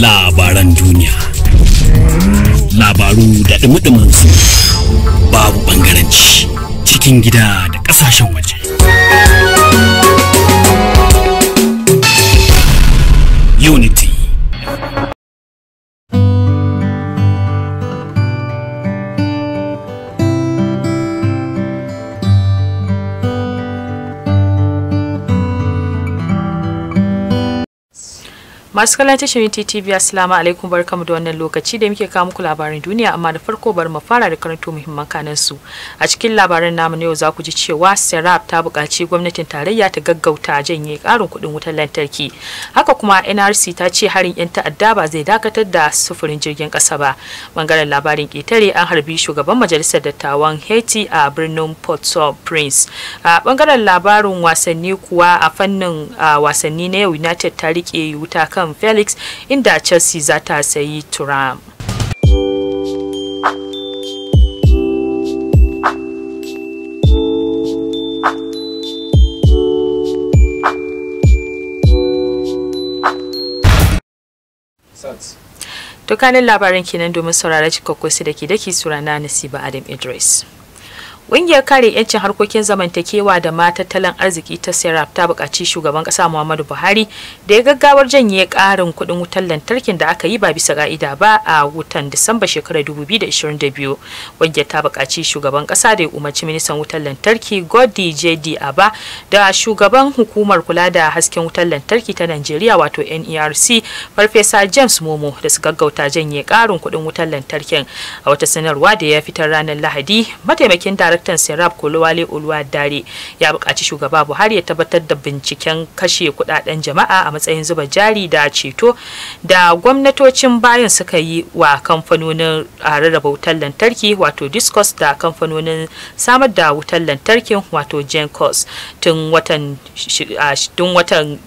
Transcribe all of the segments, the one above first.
labaran duniya labaru da dumi su babu bangaranci cikin gida da ƙasashen waje unit masu kallon tashar TTV Assalamu alaikum barkamu da wannan lokaci da muke kawo muku labarin duniya amma da farko bar mu fara da karanto muhimman kanan su a cikin labaran namu na yau za ku ji cewa Serap ta buƙaci gwamnatin tarayya ta gaggauta janye ƙarin kuɗin wutar lantarki haka kuma NRC ta ce harin yan ta'adda ba zai dakatar da sufurin jirgin ƙasa ba bangaren labarin ƙetare an harbi shugaban majalisar dattawan Haiti a birnin Port-au-Prince a bangaren labarin wasanni kuwa a fannin wasanni na yau United ta riƙe wuta kan Felix inda Chelsea za ta sayi Turam. To kanin labarin kenan domin saurara cikakku su da ke daki surana Nasiba Adam Idris. Ƙungiyar kare 'yancin harkokin zamantakewa da ma arziki ta Serap ta buƙaci shugaban ƙasa Muhammadu Buhari da ya gaggawar janye ƙarin kuɗin wutar lantarkin da aka yi ba bisa ga'ida ba a wutan Disamba shekarar 2022. Ƙungiyar ta buƙaci shugaban ƙasa da ya umarci ministan wutar lantarki Godi JD Aba da shugaban hukumar kula da hasken wutar lantarki ta Najeriya wato NERC Farfesa James Momo da su gaggauta janye ƙarin kuɗin wutar lantarkin a wata sanarwa da ya fitar ranar Lahadi mataimakin darakta Dr. Serap Kolowale Oluwadare ya buƙaci shugaba Buhari ya tabbatar da binciken kashe kuɗaɗen jama'a a matsayin zuba jari da ceto da gwamnatocin bayan suka yi wa kamfanonin rarraba wutar lantarki wato Discos da kamfanonin samar da wutar lantarkin wato Gencos tun watan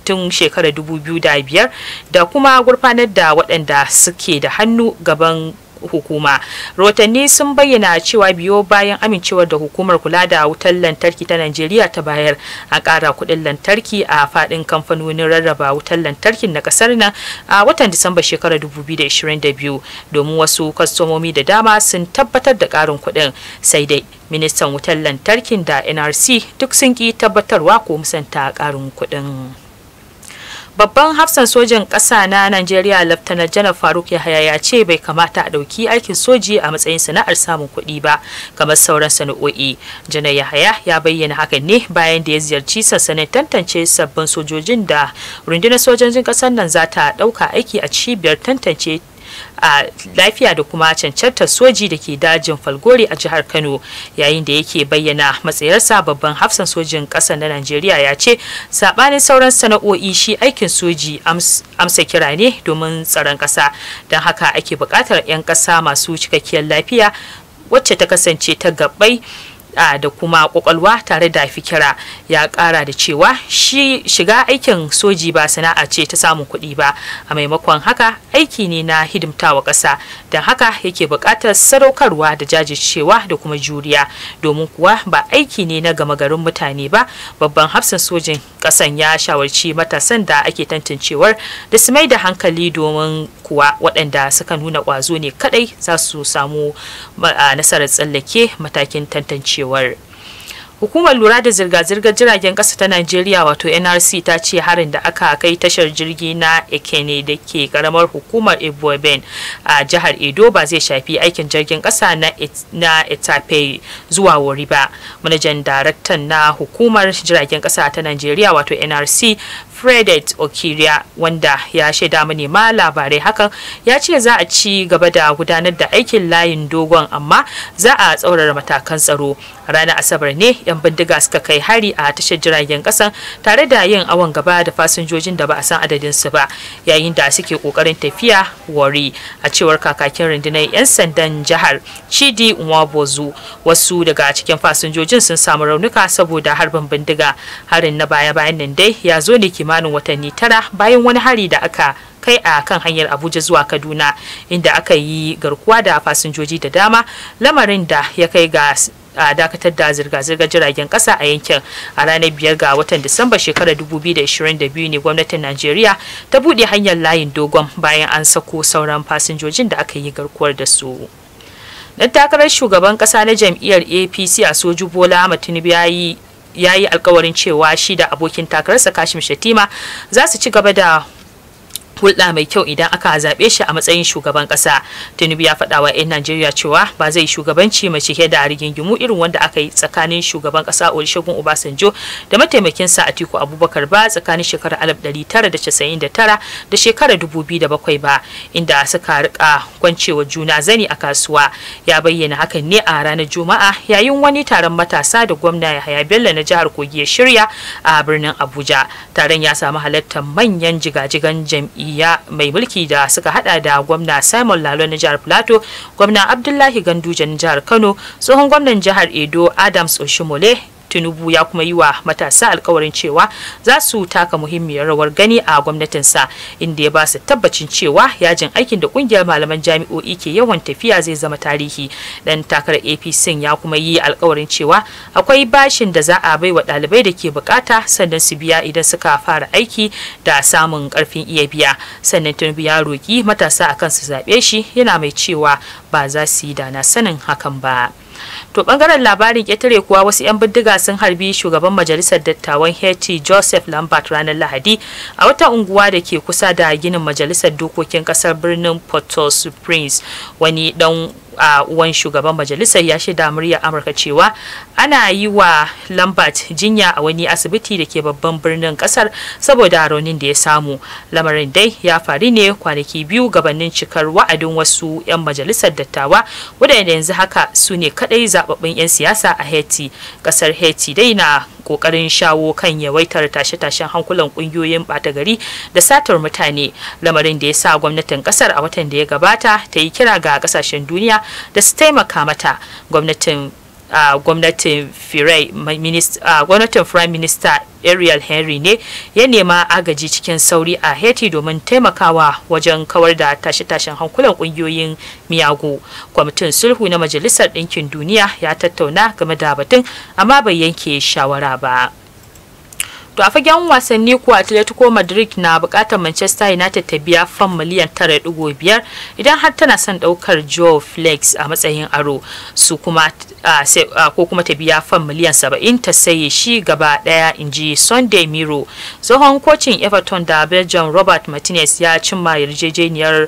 tun shekarar 2005 da kuma gurfanar da waɗanda suke da hannu gaban hukuma rahotanni sun bayyana cewa biyo bayan amincewar da hukumar kula da wutar lantarki ta najeriya ta bayar a kara kuɗin lantarki a faɗin kamfanonin rarraba wutar lantarki na ƙasar nan a watan disamba shekarar 2022 domin wasu kwastomomi da dama sun tabbatar da karin kuɗin sai dai ministan wutar lantarkin da nrc duk sun ki tabbatarwa ko musanta karin kuɗin. babban hafsan sojan ƙasa na najeriya laftanar janar faruk yahaya ya ce bai kamata a ɗauki aikin soji a matsayin sana'ar samun kuɗi ba kamar sauran sana'o'i janar yahaya ya bayyana hakan ne bayan da ya ziyarci sassanin tantance sabbin sojojin da rundunar sojojin ƙasar nan za ta ɗauka aiki a cibiyar tantance a lafiya da kuma cancantar soji da ke dajin falgore a jihar kano yayin da yake bayyana matsayarsa babban hafsan sojin ƙasa na najeriya ya ce saɓanin sauran sana'o'i shi aikin soji amsa kira ne domin tsaron ƙasa don haka ake buƙatar 'yan ƙasa masu cikakkiyar lafiya wacce ta kasance ta gabai da kuma kwakwalwa tare da fikira ya kara da cewa shi shiga aikin soji ba sana'a ce ta samun kuɗi ba a maimakon haka aiki ne na hidimtawa ƙasa don haka yake buƙatar sadaukarwa da jajircewa da kuma juriya domin kuwa ba aiki ne na gama garin mutane ba babban hafsan sojin ƙasan ya shawarci matasan da ake tantancewar da su mai da hankali domin kuwa waɗanda suka nuna ƙwazo ne kaɗai za su samu nasarar tsallake matakin tantancewar. Hukumar lura da zirga-zirgar jiragen ƙasa ta Najeriya wato NRC ta ce harin da aka kai tashar jirgi na Ekene da ke karamar hukumar Ibueben a jihar Edo ba zai shafi aikin jirgin ƙasa na Etape zuwa wuri ba. Manajan daraktan na hukumar jiragen ƙasa ta Najeriya wato NRC Fredet Okiria wanda ya shaida mani ma labarai hakan ya ce za a ci gaba da gudanar da aikin layin dogon amma za a tsaurara matakan tsaro ranar asabar ne yan bindiga suka kai hari a tashar jiragen kasan tare da yin awon gaba da fasinjojin da ba a san adadin su ba yayin da suke kokarin tafiya wari a cewar kakakin rundunar yan sandan jihar chidi nwabozu wasu daga cikin fasinjojin sun samu raunuka saboda harbin bindiga harin na baya-bayan nan dai ya zo ne kimanin watanni tara bayan wani hari da aka kai a kan hanyar abuja zuwa kaduna inda aka yi garkuwa da fasinjoji da dama lamarin da ya kai ga a dakatar da zirga-zirgar jiragen kasa a yankin a ranar 5 ga watan disamba shekarar 2022 ne gwamnatin najeriya ta buɗe hanyar layin dogon bayan an sako sauran fasinjojin da aka yi garkuwar da su ɗan takarar shugaban kasa na jam'iyyar apc a soju bola tinubu ya yi alkawarin cewa shi da abokin takararsa kashim shatima za su ci gaba da hulɗa mai kyau idan aka zaɓe shi a matsayin shugaban ƙasa tinubu ya faɗa wa 'yan najeriya cewa ba zai shugabanci mai cike da rigingimu irin wanda aka yi tsakanin shugaban ƙasa olusegun obasanjo da mataimakinsa atiku abubakar ba tsakanin shekarar 1999 da casa'in da da tara shekarar bakwai ba inda suka rika kwancewa juna zani a kasuwa ya bayyana hakan ne a ranar juma'a yayin wani taron matasa da gwamna yahaya bello na jihar kogi ya shirya a birnin abuja taron ya samu halartar manyan jigajigan jam'i mai mulki da suka hada da gwamna Simon Lalo na jihar Plateau, gwamna Abdullahi Ganduje na jihar Kano, tsohon gwamnan jihar Edo Adams Oshimole tinubu ya kuma yi wa matasa alkawarin cewa za su taka muhimmiyar rawar gani a gwamnatinsa inda ya ba su tabbacin cewa yajin aikin da kungiyar malaman jami'o'i ke yawan tafiya zai zama tarihi dan takarar apc ya kuma yi alkawarin cewa akwai bashin da za a bai wa ɗalibai da ke bukata sannan su biya idan suka fara aiki da samun karfin iya biya sannan tinubu ya roki matasa akan su zaɓe shi yana mai cewa ba za su yi da sanin hakan ba. to bangaren labarin ketare kuwa wasu 'yan bindiga sun harbi shugaban majalisar dattawan haiti joseph lambert ranar lahadi a wata unguwa da ke kusa da ginin majalisar dokokin ƙasar birnin port prince wani dan a uwan shugaban majalisar ya shaida murya amurka cewa ana yi wa lambert jinya a wani asibiti da ke babban birnin kasar saboda raunin da ya samu lamarin dai ya faru ne kwanaki biyu gabanin cikar wa'adin wasu 'yan majalisar dattawa wadanda yanzu haka su ne kadai zababbin 'yan siyasa a haiti kasar haiti dai na kokarin shawo kan yawaitar tashe-tashen hankulan kungiyoyin bata gari da satar mutane lamarin da ya sa gwamnatin kasar a watan da ya gabata ta yi kira ga kasashen duniya da su taimaka mata gwamnatin gwamnatin gwamnatin prime minister ariel henry ne ya nema agaji cikin sauri a haiti domin taimakawa wajen kawar da tashe-tashen hankulan kungiyoyin miyagu kwamitin sulhu na majalisar ɗinkin duniya ya tattauna game da batun amma bai yanke shawara ba To a fagen wasanni ko Atletico Madrid na bukatar Manchester United ta biya fam miliyan 9.5 idan har tana son daukar Joe Flex a matsayin aro su kuma ko kuma ta biya fam miliyan 70 ta saye shi gaba daya inji Sunday Miro. Tsohon kocin Everton da Belgium Robert Martinez ya cimma yarjejeniyar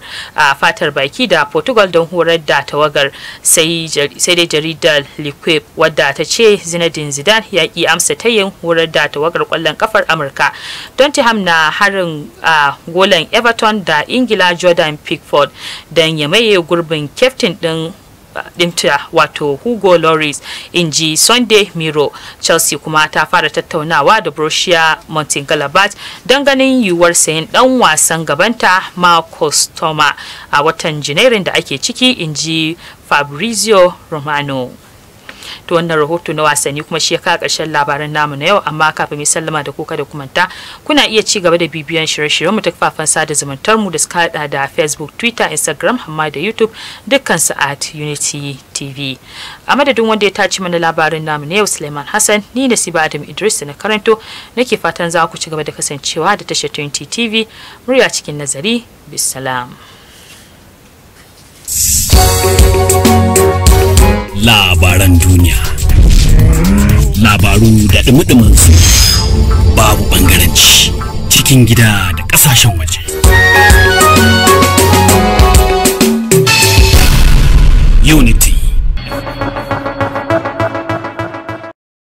fatar baki da Portugal don horar da tawagar sai dai jaridar liquid wadda ta ce Zinedine Zidane ya ki amsa tayin horar da tawagar kwallon kwallon kafar Amurka. Tottenham na harin a golan Everton da Ingila Jordan Pickford don ya maye gurbin kyaftin din dinta wato Hugo Lloris in ji Sunday Miro. Chelsea kuma ta fara tattaunawa da Borussia Mönchengladbach don ganin yiwuwar sayan dan wasan gabanta Marcus Thoma a watan Janairun da ake ciki in ji Fabrizio Romano. ta wannan rahoto na wasanni kuma shi ya kawo ƙarshen labaran namu na yau amma kafin mu sallama da kuka da kumanta kuna iya ci gaba da bibiyan shirye-shiryen mu ta kafafen sada zumuntar mu da suka hada da Facebook Twitter Instagram amma da YouTube dukkan su at Unity TV a madadin wanda ya tace mana labarin namu na yau Suleiman Hassan ni da Siba Adam Idris na karanto nake fatan za ku ci gaba da kasancewa da tashar 20 TV murya cikin nazari bisalam. Thank you. labaran duniya labaru da dumi su babu ɓangaranci cikin gida da ƙasashen waje unit.